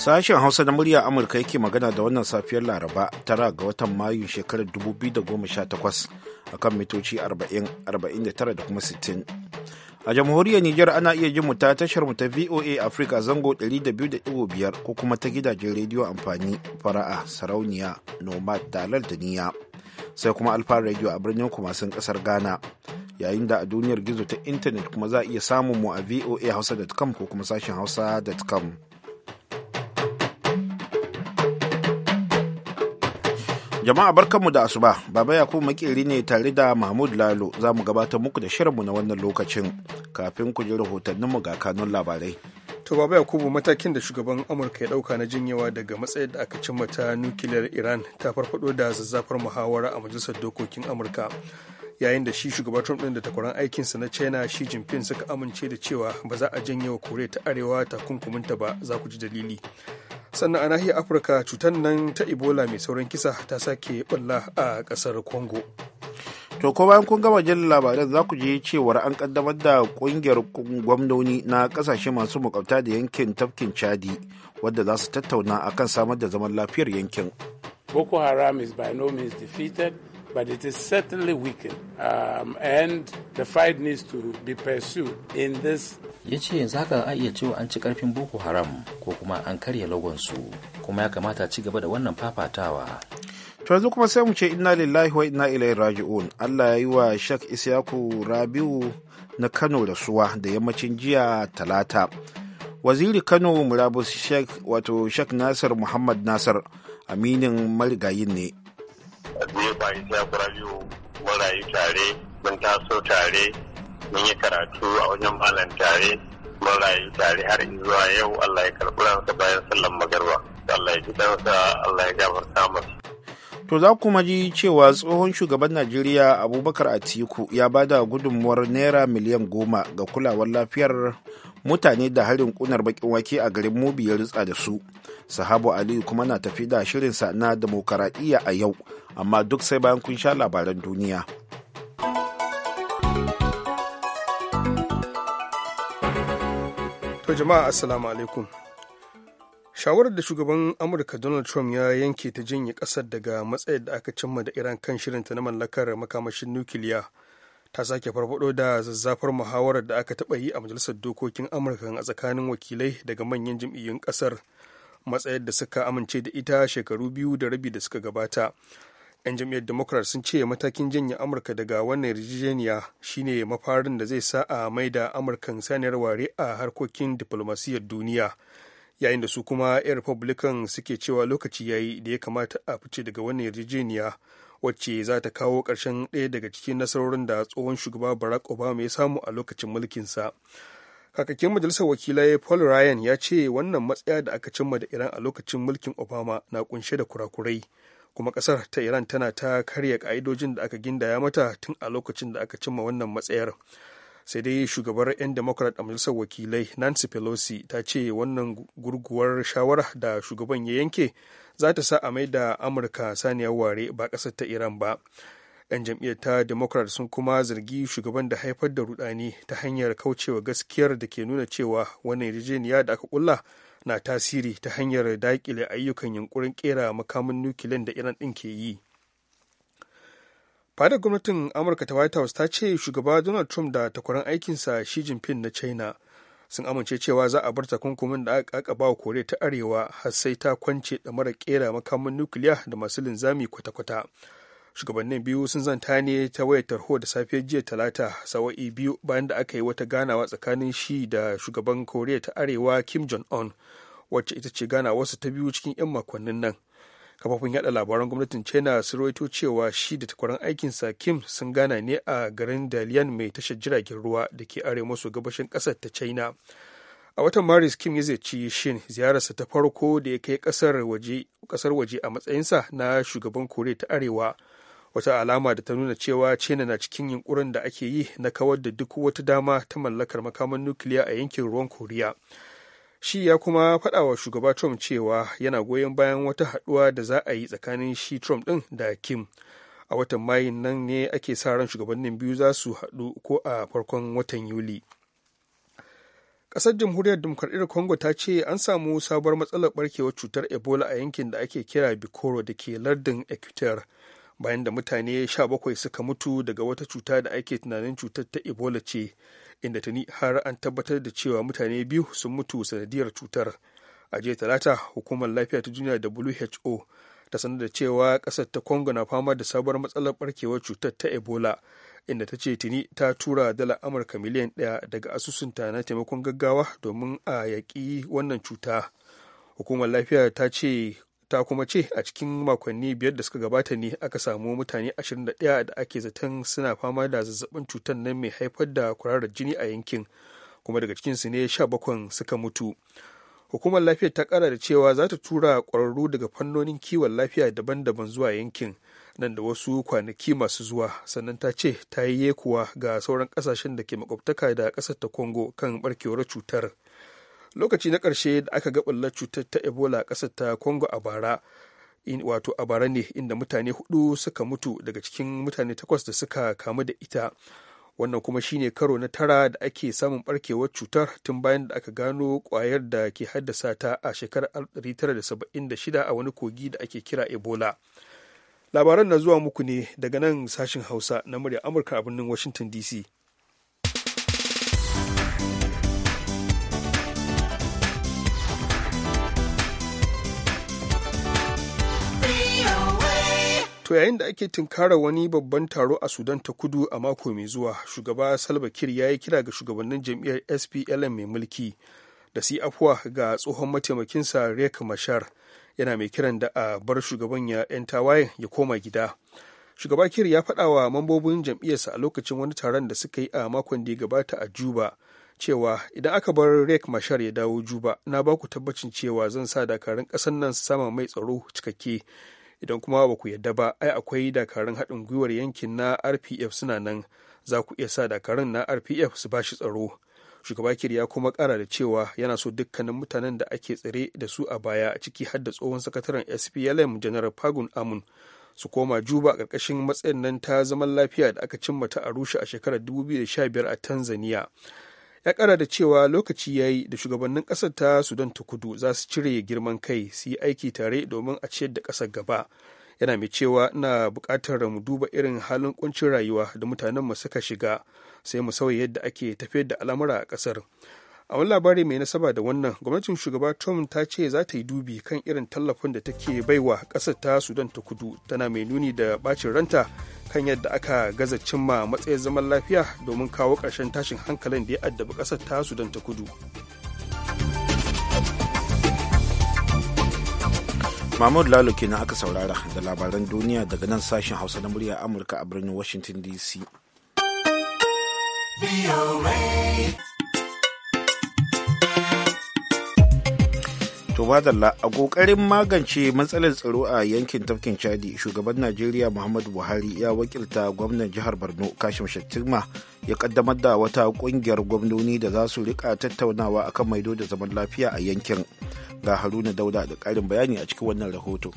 Sashen Hausa na murya Amurka yake magana da wannan safiyar Laraba tara ga watan Mayu shekarar 2018 akan mitoci 40, da kuma 60. A jamhuriyar Nijar ana iya jin mu ta tashar mu ta VOA Africa zango 200.5 ko kuma ta gidajen rediyo amfani fara'a sarauniya nomad dalar da niya sai kuma alfa radio a birnin kumasin kasar Ghana yayin da a duniyar gizo ta intanet kuma za a iya samun mu a voa hausa.com ko kuma sashen hausa.com. Jama'a barkanmu da asuba, Baba Yakubu makeri ne tare da Mahmud Lalo za mu gabatar muku da shirinmu na wannan lokacin kafin ku ji rahotanninmu ga kanun labarai. To Baba Yakubu matakin da shugaban Amurka ya dauka na jinyewa daga matsayin da aka cimma ta nukiliyar Iran ta farfado da zazzafar muhawara a majalisar dokokin Amurka. Yayin da shi shugaban Trump din da aikin sa na China Xi Jinping suka amince da cewa ba za a janye wa Koriya ta Arewa takunkuminta ba za ku ji dalili. sannan a nahiyar afirka cutar nan ta ebola mai sauran kisa ta sake bulla a kasar congo to ko bayan kun gama jin labaran za ku je cewar an kaddamar da kungiyar gwamnoni na kasashe masu makwabta da yankin tafkin chadi wadda za su tattauna akan samar da zaman lafiyar yankin boko haram is by no means defeated but it is certainly weakened. Um, and the fight needs to be pursued in this. Ya ce yanzu haka a iya cewa an ci karfin Boko Haram ko kuma an karya lagonsu kuma ya kamata ci gaba da wannan fafatawa. To yanzu kuma sai mu ce inna lillahi wa inna ilaihi raji'un. Allah ya yi wa Shek Isyaku Rabiu na Kano da suwa da yammacin jiya Talata. Waziri Kano Murabus sheikh wato Shek Nasir Muhammad Nasir aminin marigayin ne zai bayan ya kurabiyo mun rayu tare mun taso tare mun yi karatu a wajen malam tare mun rayu tare har zuwa yau Allah ya karɓi ransa bayan sallan magarba Allah ya ji dansa Allah ya gafarta masa To za kuma ji cewa tsohon shugaban Najeriya Abubakar Atiku ya ba da gudunmuwar Naira miliyan goma ga kulawar lafiyar mutane da harin kunar bakin wake a garin Mubi ya ritsa da su. sahabu aliyu kuma na tafi da shirinsa na demokaradiyya a yau amma duk sai bayan kun sha labaran duniya to jama'a assalamu alaikum shawarar da shugaban amurka donald trump ya yanke ta janye kasar daga matsayar da aka cimma da iran kan shirinta na mallakar makamashin nukiliya ta sake farfado da zazzafar muhawarar da aka taɓa yi a majalisar dokokin amurka a tsakanin wakilai daga manyan jam'iyyun ƙasar matsayar da suka amince da ita shekaru biyu da rabi da suka gabata 'yan jam'iyyar democrat sun ce matakin janye amurka daga wannan yarjejeniya shine mafarin da zai sa a da amurkan saniyar ware a harkokin diplomasiyyar duniya yayin da su kuma 'yan republican suke cewa lokaci yayi da ya kamata a fice daga wannan yarjejeniya wacce za ta kawo ƙarshen ɗaya daga cikin nasarorin da tsohon shugaba barack obama ya samu a lokacin mulkinsa. kakakin majalisar wakilai paul ryan ya ce wannan matsaya da aka cimma da iran a lokacin mulkin obama na kunshe da kurakurai kuma kasar ta iran tana ta karya ka'idojin da aka gindaya mata tun a lokacin da aka cimma wannan matsayar sai dai shugabar 'yan democrat a majalisar wakilai nancy pelosi ta ce wannan gurguwar shawara da shugaban ya yanke za ta sa a mai da amurka saniya ware ba kasar ta iran ba 'yan jam'iyyar ta democrat sun kuma zargi shugaban da haifar da rudani ta hanyar kaucewa gaskiyar da ke nuna cewa wannan yarjejeniya da aka kulla na tasiri ta hanyar daƙile ayyukan yunkurin kera makamin nukiliyan da iran din ke yi fadar gwamnatin amurka ta white house ta ce shugaba donald trump da takwaran aikinsa shi jinping na china sun amince cewa za a bar takunkumin da aka ba wa kore ta arewa har sai ta kwance da mara kera makamin nukiliya da masu linzami kwata-kwata shugabannin biyu sun zanta ne ta wayar tarho da safiyar jiya talata sawa'i biyu bayan da aka yi wata ganawa tsakanin shi da shugaban koriya ta arewa kim jong un wacce ita ce gana wasu ta biyu cikin 'yan makonnin nan kafofin yada labaran gwamnatin china su rawaito cewa shi da takwaran aikinsa kim sun gana ne a garin dalian mai tashar jiragen ruwa da ke arewa maso gabashin kasar ta china a watan maris kim ya ziyarci shin ziyararsa ta farko da ya kai kasar waje a matsayinsa na shugaban koriya ta arewa wata alama da ta nuna cewa china na cikin yunkurin da ake yi na kawar da duk wata dama ta mallakar makaman nukiliya a yankin ruwan koriya shi ya kuma faɗa wa shugaba trump cewa yana goyon bayan wata haɗuwa da za a yi tsakanin shi trump ɗin da kim a watan mayin nan ne ake sa ran shugabannin biyu za su haɗu ko a farkon watan yuli ƙasar jamhuriyar demokradiyyar congo ta ce an samu sabuwar matsalar barkewar cutar ebola a yankin da ake kira bikoro da ke lardin equateur bayan da mutane 17 suka mutu daga wata cuta da ake tunanin cutar ta ebola ce inda tuni har an tabbatar da cewa mutane biyu sun mutu sanadiyar cutar a jiya talata hukumar lafiya ta duniya who ta sanar da cewa ƙasar ta congo na fama da sabuwar matsalar barkewar cutar ta ebola inda ta ce tuni ta tura dala amurka miliyan ɗaya daga asusunta na taimakon gaggawa domin a yaƙi wannan cuta hukumar lafiya ta ce ta kuma ce a cikin makonni biyar da suka gabata ne aka samu mutane 21 da ake zaton suna fama da zazzabin cutar nan mai haifar da kwararar jini a yankin kuma daga cikinsu ne 17 suka mutu hukumar lafiyar ta kara da cewa za ta tura kwararru daga fannonin kiwon lafiya daban-daban zuwa yankin nan da wasu kwanaki masu zuwa sannan ta ce ta yi yekuwa ga sauran kasashen da ke makwabtaka da ƙasar ta kongo kan barkewar cutar lokaci na ƙarshe da aka ga ɓullar cutar ta ebola a ƙasar ta congo a bara wato a bara ne inda mutane hudu suka mutu daga cikin mutane takwas da suka kamu da ita wannan kuma shine karo na tara da ake samun barkewar cutar tun bayan da aka gano kwayar da ke haddasa ta a shekarar 1976 a wani kogi da ake kira ebola labaran na zuwa muku ne daga nan sashin hausa na murya amurka a birnin washington dc To yayin da ake tunkara wani babban taro a Sudan ta kudu a mako mai zuwa, shugaba Salva Kiir ya yi kira ga shugabannin jam'iyyar SPLM mai mulki da si afuwa ga tsohon mataimakinsa Riek Mashar yana mai kiran da a bar shugaban ya 'yan tawayen ya koma gida. Shugaba Kiir ya faɗa wa mambobin jam'iyyarsa a lokacin wani taron da suka yi a makon da ya gabata a Juba cewa idan aka bar Riek Mashar ya dawo Juba na ba ku tabbacin cewa zan sa dakarun ƙasar nan su sama mai tsaro cikakke idan kuma ba ku yadda ba ai akwai dakarun haɗin gwiwar yankin na rpf suna nan za ku iya sa dakarun na rpf su bashi tsaro shugaba kir ya kuma kara da cewa yana so dukkanin mutanen da ake tsare da su a baya ciki har da tsohon sakataren splm janar pagun amun su koma juba ƙarƙashin matsayin nan ta zaman lafiya da aka cimma ta arusha a shekarar 2015 a tanzania ya kara da cewa lokaci ya yi da shugabannin ƙasar ta sudan ta kudu za su cire girman kai su yi aiki tare domin a ciyar da ƙasar gaba yana mai cewa na buƙatar mu duba irin halin kuncin rayuwa da mutanen mu suka shiga sai mu sauya yadda ake tafiyar da al'amura a ƙasar a wani labari mai nasaba da wannan gwamnatin shugaba trump ta ce za ta yi dubi kan irin tallafin da take baiwa kasar ta sudan ta kudu tana mai nuni da bacin ranta kan yadda aka gaza cimma matsayin zaman lafiya domin kawo ƙarshen tashin hankalin da ya addabi ƙasar ta sudan ta kudu mahmud lalo kenan aka saurara da labaran duniya daga nan sashen hausa na murya amurka a birnin washington dc To madalla a kokarin magance matsalar tsaro a yankin tafkin Chadi shugaban Najeriya Muhammadu Buhari ya wakilta gwamnan jihar Borno Kashim Shettima ya kaddamar da wata kungiyar gwamnoni da za su rika tattaunawa akan maido da zaman lafiya a yankin. Ga Haruna Dauda da karin bayani a cikin wannan rahoto.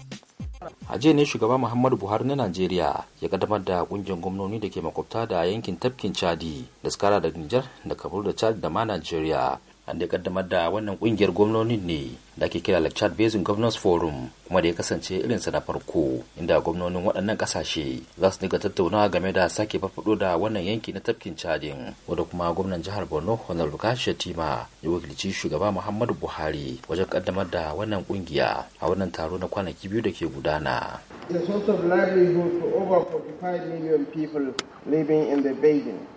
a jiya ne shugaban muhammadu buhari na najeriya ya kaddamar da kungiyar gwamnoni da ke makwabta da yankin tafkin chadi da skara da nijar da kabul da chad da ma najeriya an da kaddamar da wannan kungiyar gwamnonin ne da ake kira Lake Chad Basin Governors Forum kuma da ya kasance irin sa na farko inda gwamnonin waɗannan ƙasashe za su dinga tattaunawa game da sake faɗo da wannan yanki na tafkin Chadin wanda kuma gwamnan jihar Borno Honar Bukashi Shatima ya wakilci shugaba Muhammadu Buhari wajen kaddamar da wannan kungiya a wannan taro na kwanaki biyu da ke gudana. The source of livelihood for over 45 million people living in the basin.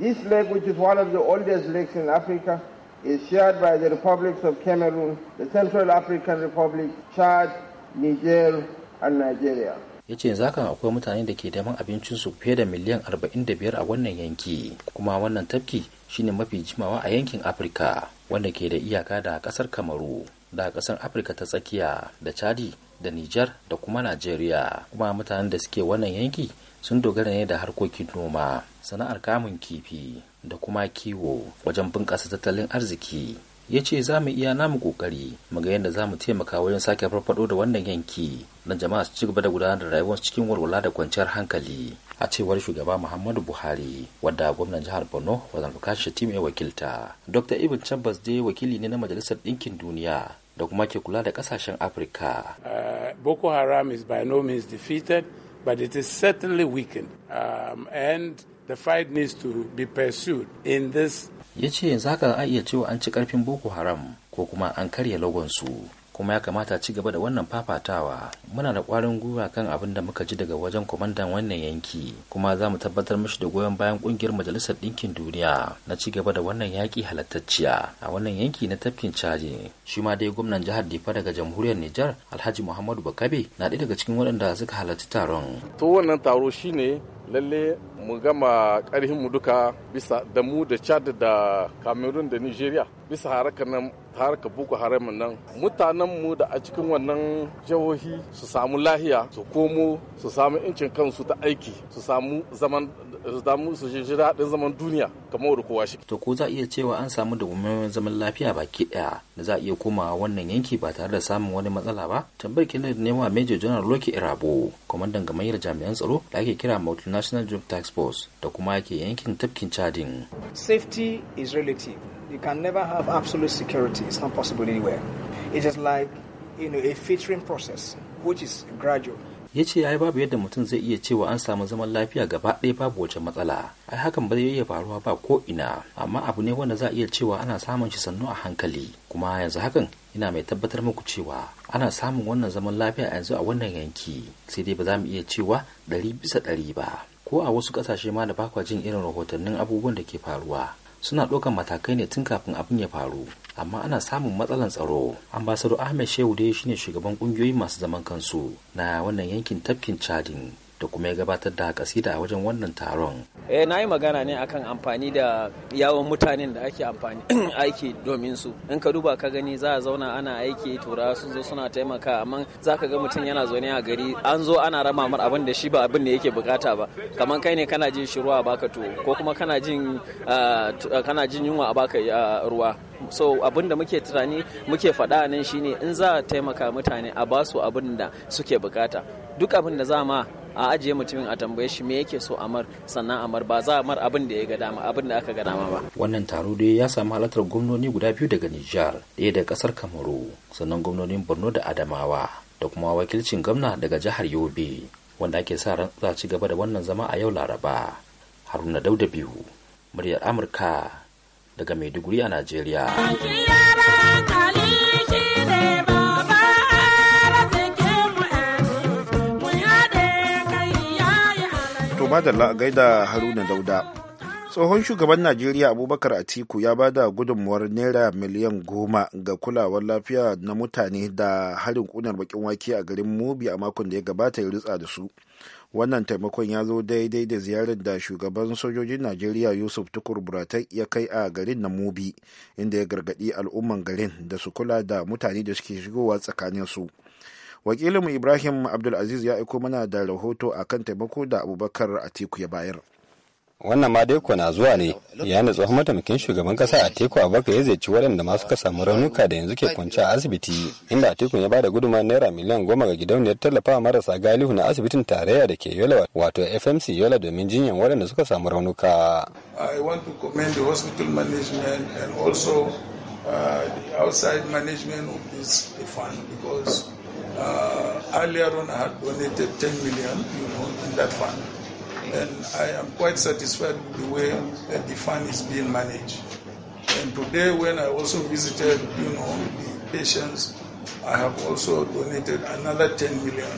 This lake, which is one of the oldest lakes in Africa, is shared by the republics of Cameroon, the Central African Republic, Chad, Niger, and Nigeria. ya ce akwai mutane da ke neman abincinsu fiye da miliyan 45 a wannan yanki kuma wannan tafki shine mafi jimawa a yankin afirka wanda ke da iyaka da kasar kamaru da kasar afirka ta tsakiya da chadi da nijar da kuma najeriya kuma mutanen da suke wannan yanki sun dogara ne da harkokin noma sana'ar kamun kifi da kuma kiwo wajen bunƙasa tattalin arziki ya ce za mu iya namu kokari mu ga yadda za mu taimaka wajen sake farfado da wannan yanki na jama'a su ci gaba da gudanar da rayuwar cikin walwala da kwanciyar hankali a cewar shugaba muhammadu buhari wadda gwamnan jihar borno wajen bukashi tim ya wakilta dr ibn chambers dai wakili ne na majalisar ɗinkin duniya da kuma ke kula da ƙasashen afirka uh, boko haram is by no means defeated but it is certainly weakened um, and the fight needs to be pursued in this ya ce yanzu haka a iya cewa an ci karfin boko haram ko kuma an karya logonsu kuma ya kamata ci gaba da wannan fafatawa muna da kwarin gwiwa kan abin da muka ji daga wajen kwamandan wannan yanki kuma za mu tabbatar mishi da goyon bayan kungiyar majalisar ɗinkin duniya na ci gaba da wannan yaƙi halattacciya a wannan yanki na tafkin caji shi ma dai gwamnan jihar difa daga jamhuriyar nijar alhaji muhammadu bakabe na ɗaya daga cikin waɗanda suka halarci taron to wannan taro shine lalle mu gama mu duka bisa da mu da chad da cameroon da nigeria bisa harakar nan haraka boko haram nan mutanen mu da a cikin wannan jihohi su samu lahiya su komo su samu incin kansu ta aiki su samu zaman da damu su ji daɗin zaman duniya kamar da kowa shi. To ko za a iya cewa an samu dawwammamen zaman lafiya baki ɗaya da za a iya komawa wannan yanki ba tare da samun wani matsala ba? Tambayar kenan da nema Major General Loki Irabo, kwamandan gamayyar jami'an tsaro da ake kira Multinational Drug Task Force da kuma yake yankin tafkin Chadin. Safety is relative. You can never have absolute security. It's not possible anywhere. It is like, you know, a filtering process which is gradual. ya ce ya ai babu yadda mutum zai iya cewa an samu zaman lafiya gaba ɗaya babu wace matsala ai hakan ba zai iya faruwa ba ko ina amma abu ne wanda za a iya cewa ana samun shi sannu a hankali kuma yanzu hakan ina mai tabbatar muku cewa ana samun wannan zaman lafiya yanzu a wannan yanki sai dai ba za mu iya cewa ɗari bisa ɗari ba ko a wasu ƙasashe ma da bakwa jin irin rahotannin abubuwan da ke faruwa suna ɗaukan matakai ne tun kafin abin ya faru amma ana samun matsalan tsaro ambasado ahmed shehu dai shine shugaban kungiyoyi masu zaman kansu na wannan yankin tafkin chadin da kuma ya gabatar da kasida a wajen wannan taron. Eh na yi magana ne akan amfani da yawon mutanen da ake amfani aiki domin su. In ka duba ka gani za a zauna ana aiki tura sun zo suna taimaka amma za ka ga mutum yana zaune a gari an zo ana rama mar abin da shi ba abin da yake bukata ba. Kamar kai ne kana jin shiruwa a baka tuwo ko kuma kana jin kana jin yunwa a baka ruwa. so abin da muke tunani muke faɗa nan shine in za a taimaka mutane a basu abin da suke bukata duk abin da za ma a ajiye mutumin a tambaye shi me yake so amar sannan amar ba za mar abin da ya ga dama abin da aka ga dama ba wannan taro dai ya samu halartar gwamnoni guda biyu daga Nijar ɗaya da kasar Kamaru sannan gwamnonin Borno da Adamawa da kuma wakilcin gwamna daga jihar Yobe wanda ake sa ran za ci gaba da wannan zama a yau Laraba Haruna Dauda biyu muryar Amurka daga Maiduguri a Najeriya. madalla a gaida haruna dauda tsohon shugaban najeriya abubakar atiku ya ba da gudunmuwar naira miliyan goma ga kulawar lafiya na mutane da harin kunar bakin wake a garin mubi a makon da ya gabata ya ritsa da su wannan taimakon ya zo daidai da ziyarar da shugaban sojojin najeriya yusuf tukur buratai ya kai a garin na mubi inda ya gargadi al'umman garin da su kula da mutane da suke shigowa tsakanin su wakilinmu ibrahim abdulaziz ya aiko mana da rahoto a kan taimako da abubakar atiku ya bayar wannan ma dai na zuwa ne ya da tsohon mataimakin shugaban kasa a teku a abubakar ya ziyarci waɗanda ma suka samu raunuka da yanzu ke kwanci a asibiti inda a tekun ya bada guduma naira miliyan goma ga gidauniyar tallafawa marasa galihu na asibitin tarayya da ke yola wato fmc yola domin jinyan waɗanda suka samu raunuka. i want to commend the hospital management and also uh, the outside management of this fund because Uh, earlier on, I had donated 10 million you know, in that fund. And I am quite satisfied with the way that the fund is being managed. And today, when I also visited, you know, the patients, I have also donated another 10 million.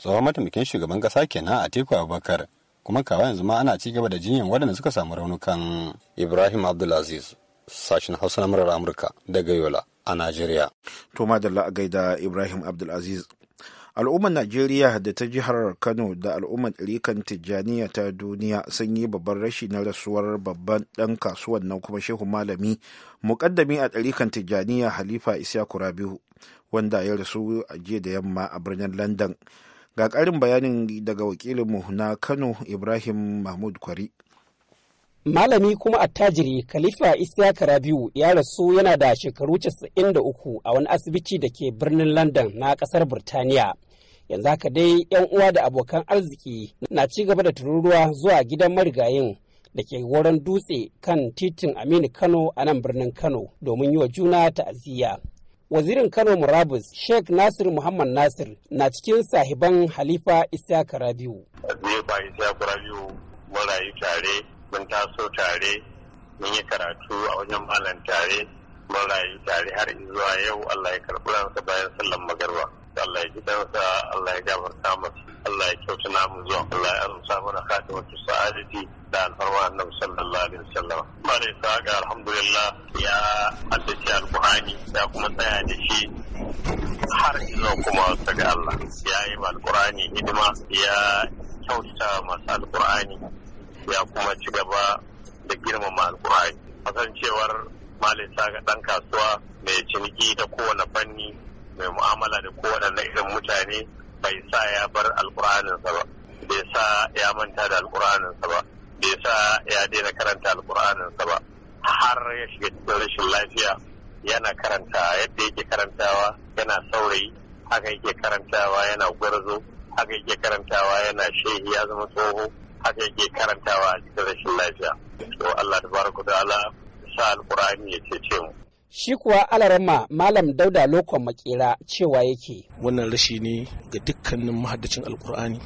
Tsohon mataimakin shugaban kasa kenan teku Abubakar kuma kawai yanzu ma ana ci gaba da jinyan waɗanda suka samu raunukan Ibrahim Abdulaziz sashen Hausa na murar Amurka daga Yola. a Najeriya. To madalla a gaida Ibrahim Abdulaziz. Al'ummar Najeriya da ta jihar Kano da al'ummar ɗarikan Tijjaniya ta duniya sun yi babban rashi na rasuwar babban ɗan kasuwan nan kuma shehu malami muƙaddami a ɗarikan Tijjaniya Halifa Isyaku Rabihu wanda ya rasu a jiya da yamma a birnin London. Ga ƙarin bayanin daga wakilinmu na Kano Ibrahim Mahmud Kwari. Malami kuma attajiri Khalifa Isiyaka Rabiu ya rasu yana da shekaru 93 a wani asibiti da ke birnin London na kasar Birtaniya. Yanzu haka dai 'yan uwa da abokan arziki na ci gaba da tururuwa zuwa gidan marigayin da ke wurin dutse kan titin Aminu Kano a nan birnin Kano domin yi wa juna ta'aziyya. Wazirin Kano Murabus Sheikh Nasir Muhammad Nasir na cikin sahiban Halifa Isiyaka Rabiu. mun taso tare mun yi karatu a wajen malam tare mun rayu tare har zuwa yau Allah ya karɓi ransa bayan sallan magarba Allah ya ji dansa Allah ya gafarta masa Allah ya kyauta namu zuwa Allah ya arzuta mana khatimatu sa'adati da alfarma annabi sallallahu alaihi wasallam ba da ga alhamdulillah ya haddace alqur'ani ya kuma tsaya da shi har zuwa kuma ga Allah ya yi alqur'ani hidima ya kyauta masa alqur'ani ya kuma ci gaba da girmama alkur'ani kasancewar malin ga ɗan kasuwa mai ciniki da kowane fanni mai mu'amala da kowane irin mutane bai sa ya bar alkur'aninsa ba bai sa ya manta da alkur'aninsa ba bai sa ya daina karanta alkur'aninsa ba har ya shiga cikin rashin lafiya yana karanta yadda yake karantawa yana saurayi haka yake karantawa yana gwarzo haka yake karantawa yana shehi ya zama tsoho haka yake karantawa a cikin rashin lafiya to Allah da Allah sa alƙur'ani ya ce mu shi kuwa alarama malam dauda lokon makera cewa yake wannan rashi ne ga dukkanin mahaddacin alƙur'ani,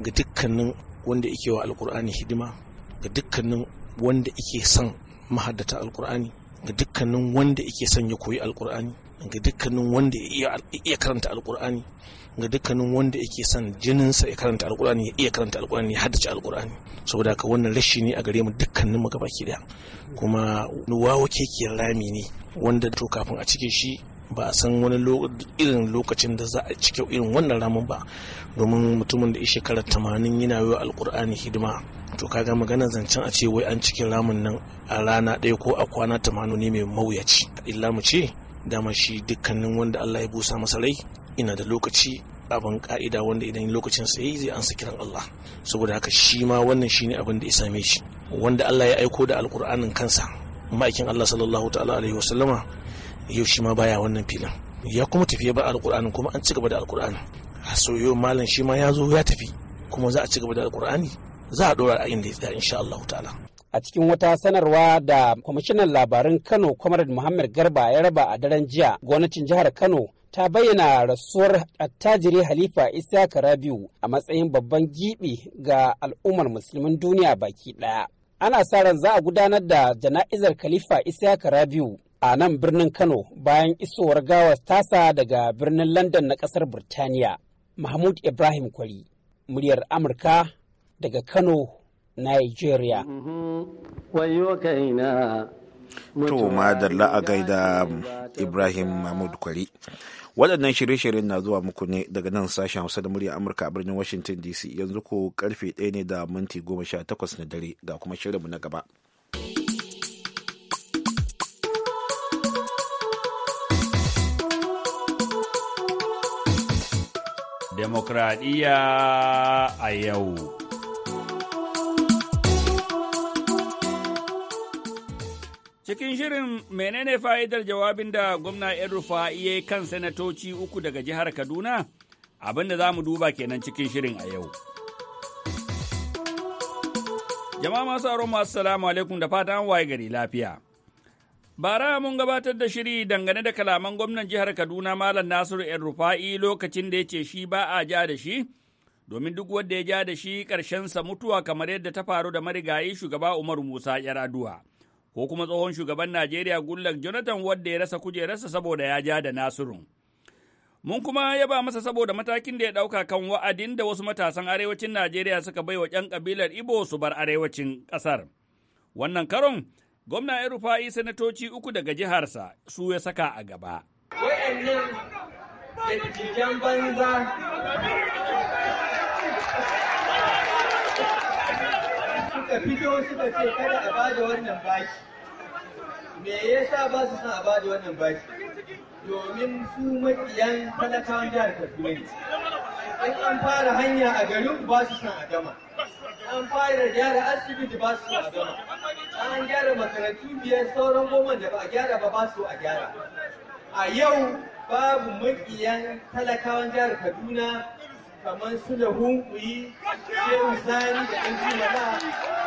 ga dukkanin wanda yake wa alƙur'ani hidima ga dukkanin wanda yake son mahaddata alƙur'ani, ga dukkanin wanda yake son ya koyi alƙur'ani, ga dukkanin wanda ya iya karanta alƙur'ani. ga dukkanin wanda yake son jininsa ya karanta alkur'ani ya iya karanta alkur'ani ya haddace alkur'ani saboda haka wannan rashi ne a gare mu dukkanin mu gabaki daya kuma wawo kekiyar rami ne wanda to kafin a cike shi ba a san wani irin lokacin da za a cike irin wannan ramin ba domin mutumin da ya shekarar tamanin yana yi alkur'ani hidima to kaga magana zancen a ce wai an cikin ramin nan a rana ɗaya ko a kwana tamanin ne mai mawuyaci illa mu ce dama shi dukkanin wanda Allah ya busa masa rai ina da lokaci abin ka'ida wanda idan lokacin sa zai ansa kiran Allah saboda haka shi ma wannan shine abin da ya same shi wanda Allah ya aiko da alkur'anin kansa ma'aikin Allah sallallahu ta'ala alaihi wasallama yau shi ma baya wannan filin ya kuma tafi ba alkur'anin kuma an ci da alkur'ani A soyo malam shi ma ya zo ya tafi kuma za a ci gaba da alkur'ani za a dora a da ya tsaya insha Allah ta'ala a cikin wata sanarwa da kwamishinan labarin kano comrade muhammad garba ya raba a daren jiya gwamnatin jihar kano ta bayyana rasuwar attajiri halifa isaka rabiu a matsayin babban gibi ga al'ummar musulmin duniya baki ɗaya ana sa ran za a gudanar da jana'izar khalifa isaka rabiu a nan birnin kano bayan isowar gawar tasa daga birnin london na ƙasar Birtaniya, mahmud ibrahim kwari muryar amurka daga kano nigeria mm-hmm. To da a gaida Ibrahim Mahmud Kwari. Waɗannan shirye-shiryen na zuwa muku ne daga nan sashen Hausa da murya Amurka a birnin Washington DC yanzu ko karfe ɗaya ne da minti goma sha takwas na dare ga kuma shirinmu na gaba. Demokradiyya a yau. Cikin shirin menene fa'idar jawabin da gwamna ‘yan rufa'i kan sanatoci uku daga jihar Kaduna? Abin da za mu duba kenan cikin shirin a yau. Jama'a masu aro masu salamu alaikum da fatan waye gari lafiya. Bara mun gabatar da shiri dangane da kalaman gwamnan jihar Kaduna Malam Nasiru ‘yan rufa'i lokacin da ya ce shi ba a ja da shi, domin duk wanda ya ja da shi ƙarshensa mutuwa kamar yadda ta faru da marigayi shugaba Umar Musa ‘yar aduwa. ko kuma tsohon shugaban Najeriya Gullak Jonathan wadda ya rasa kujerarsa saboda ya ja da nasiru Mun kuma ya ba masa saboda matakin da ya ɗauka kan wa'adin da wasu matasan arewacin Najeriya suka bai wa ‘yan ƙabilar Ibo su bar arewacin ƙasar. Wannan karon, gwamna ya rufa yi sanatoci uku daga jiharsa su ya saka a gaba. Wa'annan dattijan banza suka fito suka ce kada a bada wannan bashi me yasa ba su san a bada wannan bashi domin su maƙiyan talakawan jihar kaduna ne in an fara hanya a garin ba su san a gama an fara gyara asibiti ba su a gama an gyara makarantu biyar sauran goma da ba a gyara ba ba su a gyara a yau babu maƙiyan talakawan jihar kaduna kamar su da hunkuyi shehu sani da ɗan jimala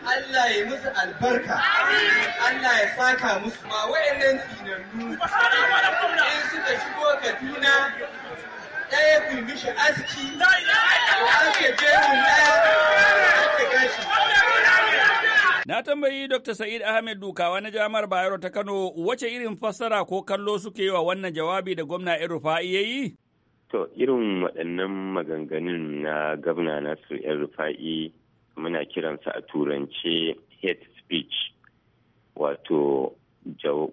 Allah ya musu albarka. Allah ya saka musu ma wa'annan tsinannu. In suka shigo Kaduna ɗaya ku mishi aski. Ake jerin ɗaya ake gashi. Na tambayi Dr. Sa'id Ahmed Dukawa na Jami'ar Bayero ta Kano wace irin fassara ko kallo suke yi wa wannan jawabi da gwamna Rufa'i ya yi? To, irin waɗannan maganganun na gwamna Nasiru Rufa'i muna kiransa a turance hate speech wato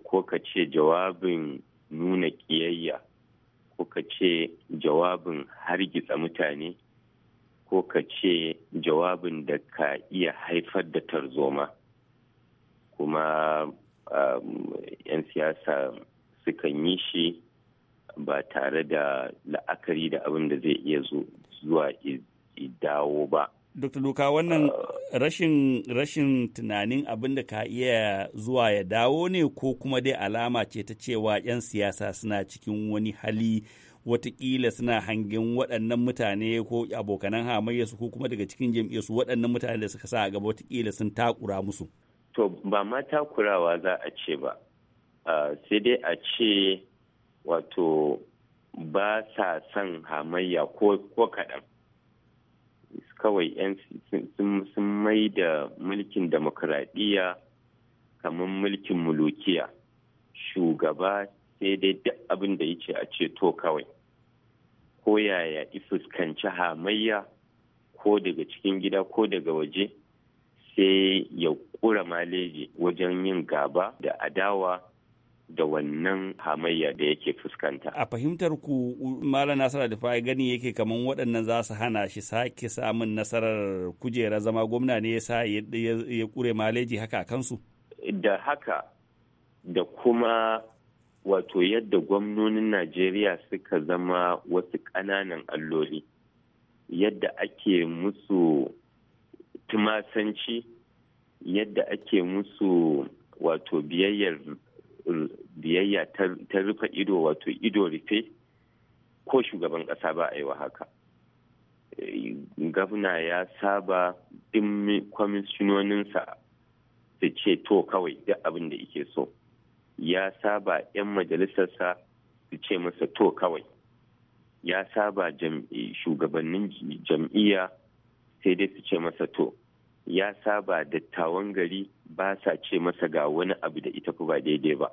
ko ka ce jawabin nuna kiyayya ko ka ce jawabin hargitsa mutane ko ka ce jawabin da ka iya haifar da tarzoma kuma um, 'yan siyasa sukan yi shi ba tare da la'akari da abin da zai iya zuwa dawo ba Dr. Doka wannan rashin rashin tunanin abin da ka iya zuwa ya dawo ne ko kuma dai alama ce ta cewa 'yan siyasa suna cikin wani hali watakila suna hangin waɗannan mutane ko abokanan hamayya su ko kuma daga cikin su waɗannan mutane da suka sa a gaba watakila sun takura musu. To ba ma takurawa za a ce ba, sai dai a ce wato ba sa son hamayya ko kaɗan. kawai 'yan sun mai da mulkin demokuraɗiyya kamar mulkin mulukiya shugaba sai dai duk abin da a ce to kawai ko yaya fuskanci hamayya ko daga cikin gida ko daga waje sai ya kura maleji wajen yin gaba da adawa da wannan hamayya da yake fuskanta. A fahimtar ku Malam Nasara da fa gani yake kamar waɗannan za su hana shi sake samun nasarar kujera zama gwamna ne ya sa ya kure maleji haka kansu? Da haka da kuma wato yadda gwamnonin Najeriya suka zama wasu ƙananan alloli yadda ake musu tumasanci yadda ake musu wato biyayyar Uh, biyayya ta rufe ido wato ido rufe ko shugaban ƙasa ba a yi wa haka eh, gabna ya saba ɗin kwamishinoninsa su ce to kawai duk abin da yake so ya saba 'yan majalisarsa su ce masa to kawai ya saba shugabannin jam'iyya sai dai su ce masa to ya saba dattawan gari ba sa ce masa ga wani abu da ita ba daidai ba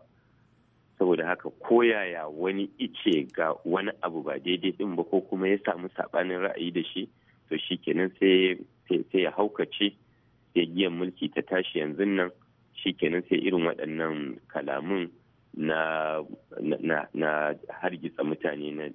saboda haka koyaya wani ice ga wani abu ba daidai din ba ko kuma ya samu sabanin ra'ayi da shi to shi kenan sai ya haukace sai giyan mulki ta tashi yanzu nan shi kenan sai irin waɗannan kalamun na hargitsa mutane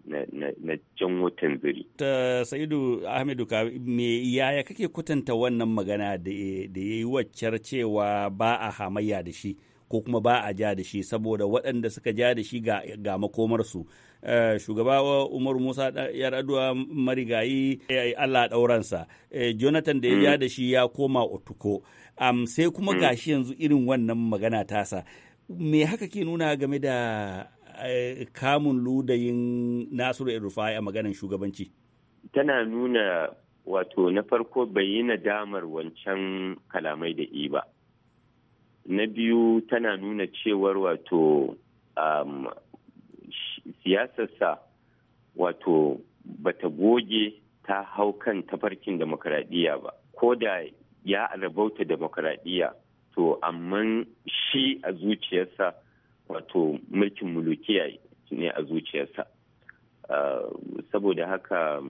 na jan watan zuri. Ta Sa'idu Ahmedu ka me yaya kake kwatanta wannan magana da ya yi waccar cewa ba a hamayya da shi ko kuma ba a ja da shi saboda waɗanda suka ja da shi ga makomarsu. Eh, shugaba Umar Musa Yar'adua marigayi eh, Allah ɗauransa, eh, Jonathan da ya mm. ja da shi ya koma Otuko. Um, sai kuma mm. gashi yanzu irin wannan magana tasa. me haka ke nuna game da eh, kamun ludayin nasiru rufai a maganin shugabanci tana nuna wato na farko bai yi nadamar wancan kalamai da i ba na biyu tana nuna cewar wato um, siyasarsa wato bata goge ta hau kan tafarkin demokradiyya ba ko da ya rabauta demokradiyya to amma shi a zuciyarsa wato mulkin mulukiya ne a zuciyarsa ah, saboda haka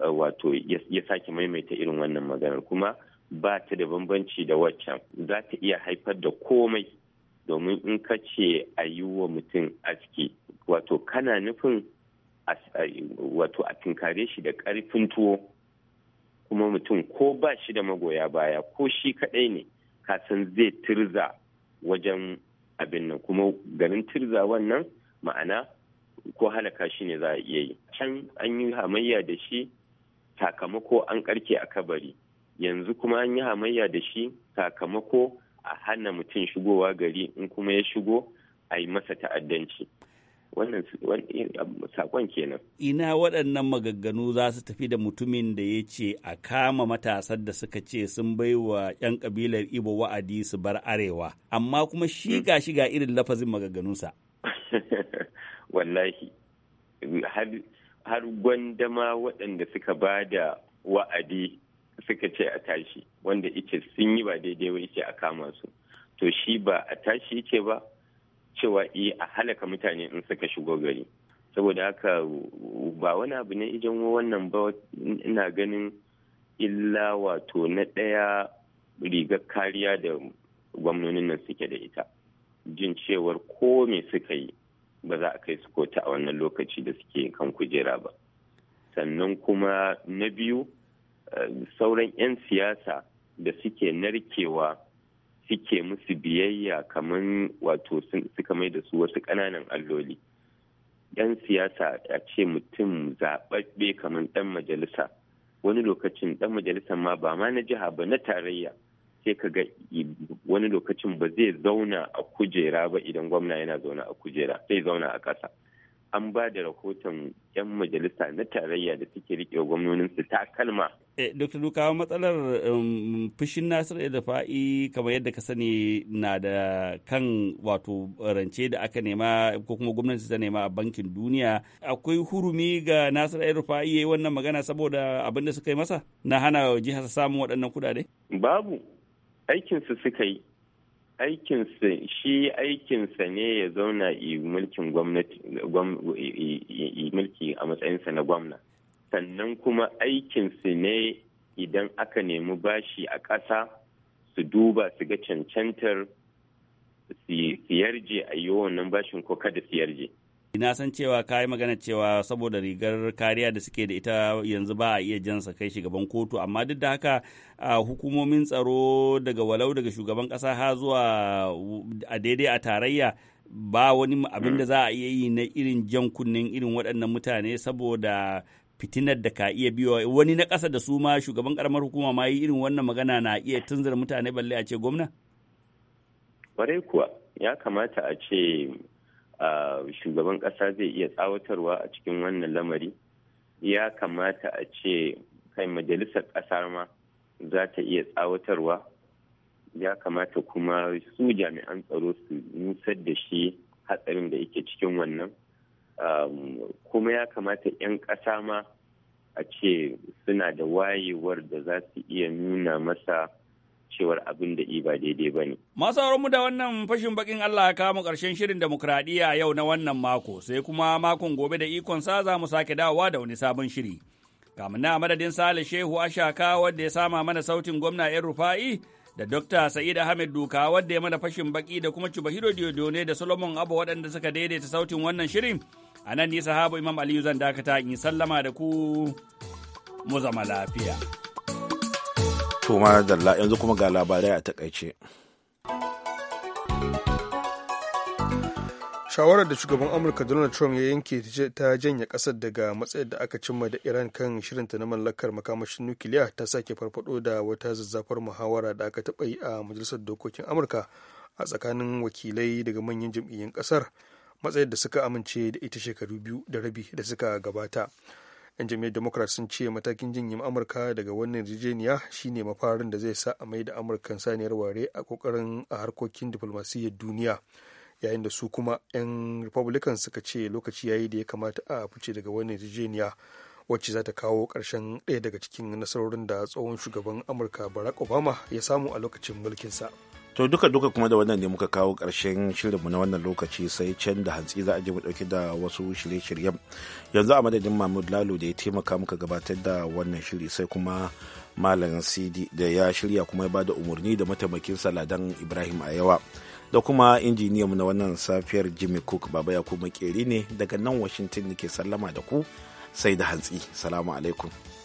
ah, wato ya sake maimaita irin wannan maganar kuma ba ta da bambanci da waccan za ta iya haifar da komai domin in ka ce a yi wa mutum aski wato kana nufin wato a tinkare shi da ƙarfin tuwo kuma mutum ko ba shi da magoya baya ko shi kaɗai ne kasan zai tirza wajen abin nan kuma garin tirza wannan ma'ana ko halaka shi ne za a iya yi can an yi hamayya da shi sakamako an karke a kabari yanzu kuma an yi hamayya da shi sakamako a hana mutum shigowa gari in kuma ya shigo a yi masa ta'addanci wannan sakon kenan ina waɗannan magagganu za su tafi da mutumin da ya ce a kama matasan da suka ce sun bai wa 'yan kabilar ibo wa'adi su bar arewa amma kuma shi hmm. ga irin lafazin magagganunsa wallahi har gwandama waɗanda suka ba da wa'adi suka ce a tashi wanda ice sun yi ba daidai ba ice a kama su to shi ba a tashi yake ba cewa eh a halaka mutane in suka shigo gari saboda haka ba wani abu ne idan wannan ba ina ganin illa wato na ɗaya rigar kariya da gwamnonin nan suke da ita jin cewar ko me suka yi ba za a kai su kota a wannan lokaci da suke kan kujera ba sannan kuma na biyu eh, sauran 'yan siyasa da suke narkewa suke musu biyayya kamar wato suka mai da su wasu ƙananan alloli yan siyasa a ce mutum zaɓaɓɓe kamar ɗan majalisa wani lokacin ɗan majalisa ma ba ma na jiha ba na tarayya sai ka ga wani lokacin ba zai zauna a kujera ba idan gwamna yana zauna a kujera zai zauna a ƙasa an ba da rahoton 'yan majalisa na tarayya da suke riƙe gwamnoninsu takalma. Eh, Dr. Luka, matsalar um, fushin Nasir da fa'i kamar yadda ka sani na da kan wato rance da aka nema ko kuma gwamnati ta nema a bankin duniya. Akwai hurumi ga Nasir da fa'i ya yi wannan magana saboda abin da suka yi masa na hana jihar samun waɗannan kuɗaɗe? Babu, aikinsu suka yi. aikinsa shi aikinsa ne ya zauna yi mulki a matsayinsa na gwamna sannan kuma aikinsa ne idan aka nemi bashi a ƙasa su duba su ga cancantar su yarje a yi wannan bashin ko kada su Ina san cewa ka yi magana cewa saboda rigar kariya da suke da ita yanzu ba a iya jansa kai shugaban kotu amma duk da haka a hukumomin tsaro daga walau daga shugaban kasa ha zuwa a daidai a tarayya ba wani abin da za a iya yi na irin jan kunnen irin waɗannan mutane saboda fitinar da ka iya biyo wani na ƙasa da su ma shugaban karamar hukuma ma yi irin wannan magana na iya tunzura mutane balle a ce gwamna? ware kuwa ya kamata a ce Uh, shugaban ƙasa zai iya tsawatarwa a cikin wannan lamari ya kamata a ce kai majalisar ƙasar ma za ta iya tsawatarwa ya kamata kuma su jami'an tsaro su nusar da shi hatsarin da yake cikin wannan um, kuma ya kamata 'yan ƙasa ma a ce suna da wayewar da za su iya nuna masa cewar abin da ba daidai ba ne. Masu mu da wannan fashin bakin Allah ya kama ƙarshen shirin demokradiyya yau na wannan mako sai kuma makon gobe da ikon sa za mu sake dawowa da wani sabon shiri. Kamun na madadin Sale Shehu Ashaka wadda ya sama mana sautin gwamna 'yan rufa'i da Dr. Sa'id Ahmed Duka wadda ya mana fashin baki da kuma Cibahiro Diodone da Solomon Abu waɗanda suka daidaita sautin wannan shirin. A nan nisa habu Imam Aliyu zan dakata in sallama da ku mu zama lafiya. To ma dalla yanzu kuma ga labarai a takaice. shawarar da shugaban amurka donald trump ya yanke ta janye kasar daga matsayar da aka cimma da iran kan shirinta na mallakar makamashin nukiliya ta sake farfado da wata zazzafar muhawara da aka taɓa yi a majalisar dokokin amurka a tsakanin wakilai daga manyan jam'iyyun kasar matsayar da suka amince da ita shekaru biyu da rabi da suka gabata 'yan jam'iyyar democrat sun ce matakin jinyin amurka daga wannan yarjejeniya shine mafarin da zai sa a mai da amurkan saniyar ware a kokarin a harkokin diplomasiyyar duniya yayin da su kuma 'yan republican suka ce lokaci yayi da ya kamata a fice daga wannan yarjejeniya wacce za ta kawo karshen ɗaya daga cikin nasarorin da tsohon shugaban amurka barack obama ya samu a lokacin mulkinsa. sa to duka duka kuma da wannan ne muka kawo ƙarshen shirinmu na wannan lokaci sai can da hantsi za a je mu ɗauki da wasu shirye-shiryen yanzu a madadin mahmud lalo da ya taimaka muka gabatar da wannan shiri sai kuma malam cd da ya shirya kuma ya bada umarni da mataimakin saladan ibrahim a yawa da kuma injiniyanmu na wannan safiyar jimmy cook baba ya kuma keri ne daga nan washington ke sallama da ku sai da hantsi salamu alaikum